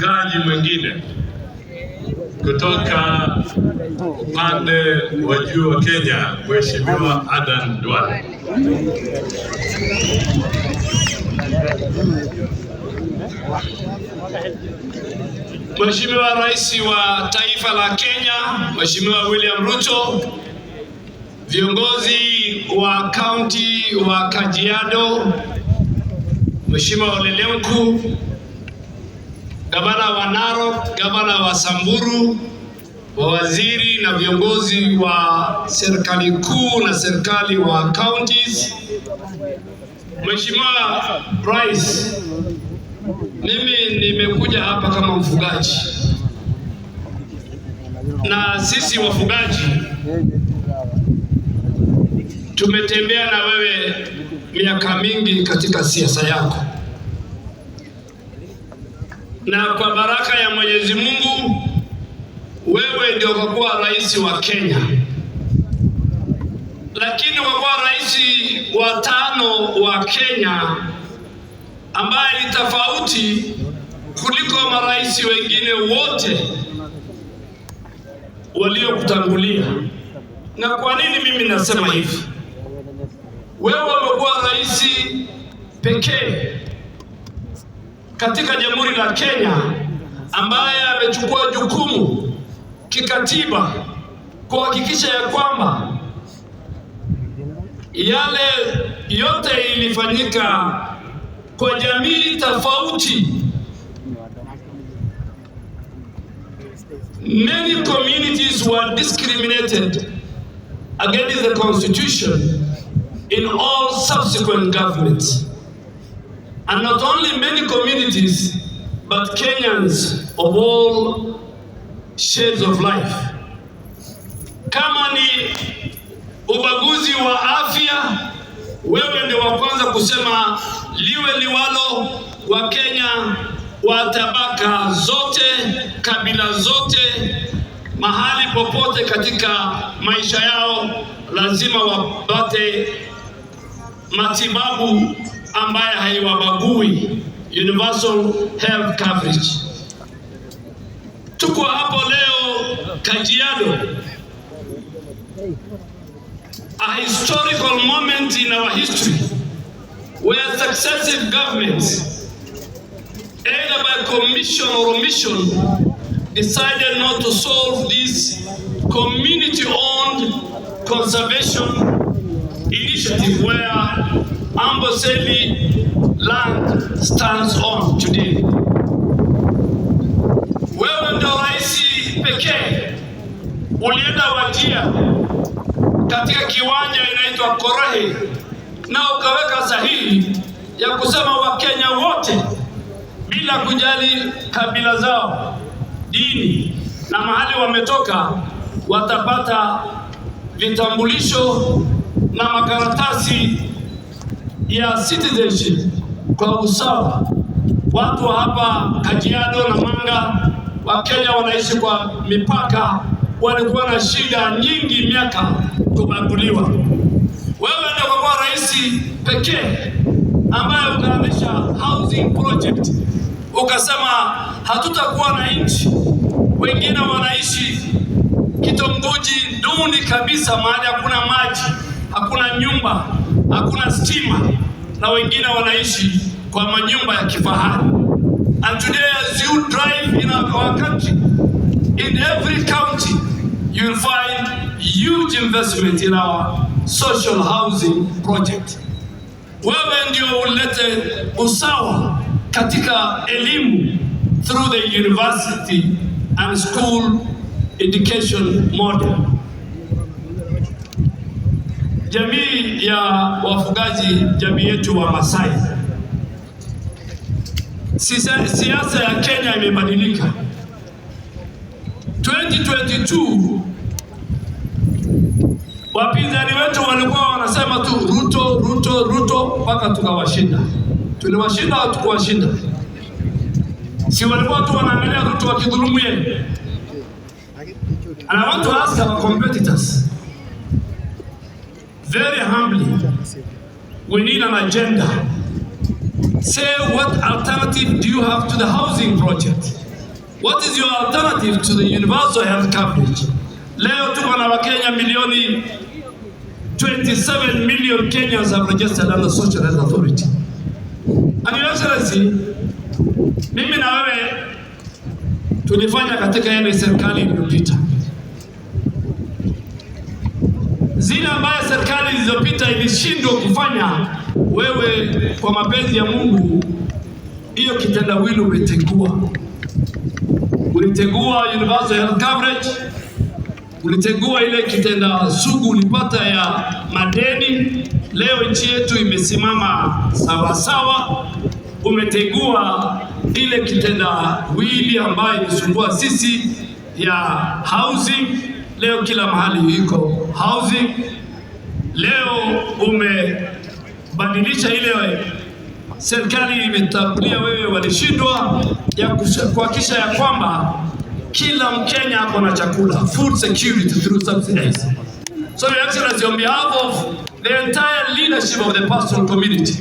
mchungaji mwingine kutoka upande wa juu wa Kenya, Mheshimiwa Adan Dwale. Mheshimiwa Rais wa taifa la Kenya, Mheshimiwa William Ruto, viongozi wa kaunti wa Kajiado, Mheshimiwa Olelenku gavana wa Narok, gavana wa Samburu, wawaziri na viongozi wa serikali kuu na serikali wa counties, Mheshimiwa Rais, mimi nimekuja hapa kama mfugaji na sisi wafugaji tumetembea na wewe miaka mingi katika siasa yako na kwa baraka ya Mwenyezi Mungu wewe ndio ukakuwa rais wa Kenya, lakini wakuwa rais wa tano wa Kenya ambaye ni tofauti kuliko marais wengine wote waliokutangulia. Na kwa nini mimi nasema hivi? Wewe umekuwa rais pekee katika Jamhuri la Kenya ambaye amechukua jukumu kikatiba kuhakikisha ya kwamba yale yote ilifanyika kwa jamii tofauti, many communities were discriminated against the constitution in all subsequent governments And not only many communities, but Kenyans of all shades of life. Kama ni ubaguzi wa afya, wewe ndio wa kwanza kusema liwe liwalo, wa Kenya wa tabaka zote, kabila zote, mahali popote katika maisha yao lazima wapate matibabu ambaye haiwabagui universal health coverage. Tuko hapo leo Kajiado, a historical moment in our history where successive governments either by commission or omission decided not to solve this community-owned conservation is where Amboseli land stands on today. Wewe ndio rais pekee ulienda Wajia katika kiwanja inaitwa Korohe na ukaweka sahihi ya kusema Wakenya wote bila kujali kabila zao, dini na mahali wametoka watapata vitambulisho na makaratasi ya citizenship kwa usawa. Watu wa hapa Kajiado na Manga wa Kenya wanaishi kwa mipaka, walikuwa na shida nyingi miaka kubaguliwa. Wewe ndio kwa rais pekee ambaye ukaanzisha housing project ukasema hatutakuwa na nchi. Wengine wanaishi kitongoji duni kabisa, mahali hakuna maji hakuna nyumba, hakuna stima, na wengine wanaishi kwa manyumba ya kifahari. And today as you drive in our country, in every county you will find huge investment in our social housing project. Wewe ndio ulete usawa katika elimu through the university and school education model jamii ya wafugaji, jamii yetu wa Masai. Siasa ya Kenya imebadilika. 2022 wapinzani wetu walikuwa wanasema tu Ruto, Ruto, Ruto mpaka tukawashinda. Tuliwashinda au tukuwashinda? Si walikuwa tu wanaangalia Ruto wakidhulumu yeye. Ana watu hasa competitors very humbly, we need an agenda. Say what alternative do you have to the housing project? What is your alternative to the universal health coverage? Leo tuko na Wakenya milioni 27 million Kenyans have registered under social health authority. And your excellency, mimi na wewe tulifanya katika ile serikali iliyopita zile ambayo serikali zilizopita ilishindwa kufanya, wewe kwa mapenzi ya Mungu hiyo kitendawili umetegua. Ulitegua universal health coverage, ulitegua ile kitenda sugu ulipata ya madeni. Leo nchi yetu imesimama sawasawa. Umetegua ile kitenda wili ambayo ilisumbua sisi ya housing leo kila mahali iko housing. Leo umebadilisha ile serikali imetangulia wewe walishindwa ya kuhakikisha ya kwamba kila Mkenya ako na chakula, food security through subsidies. So Your Excellency, on behalf of the entire leadership of the pastoral community,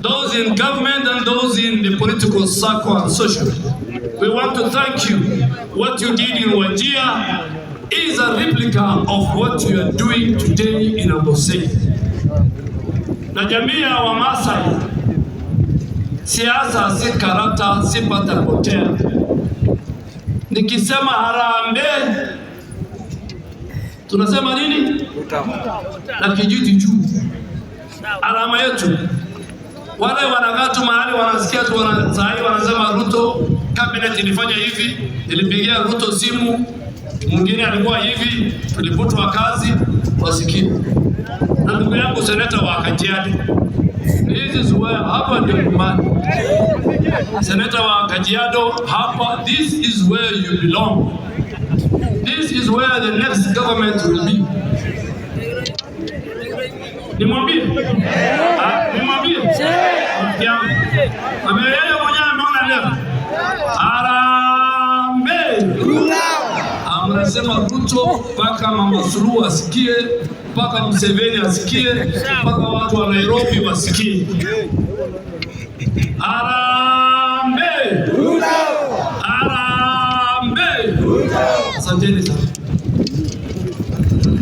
those in government and those in the political circle and social, we want to thank you what you did in Wajir is a replica of what you are doing today in Amboseli. Na jamii ya Wamasai, siasa si karata, si potea. Nikisema harambee tunasema nini? Na kijiti juu, alama yetu. Wale wanagatu mahali wanasikia tu, wanasema Ruto, kabineti ilifanya hivi, ilipigia Ruto simu mwingine alikuwa hivi, tulivutwa kazi masikini. Na ndugu yangu seneta wa Kajiado, hizi Zuwea hapa ndio nyumbani. Seneta wa Kajiado hapa, this is where you belong, this is where the next government will be. Nimwambie, nimwambie, ameelewa tunasema Ruto mpaka Mama Suluhu asikie, mpaka Museveni asikie, mpaka watu wa Nairobi wasikie. Harambee! Harambee! Asanteni sana.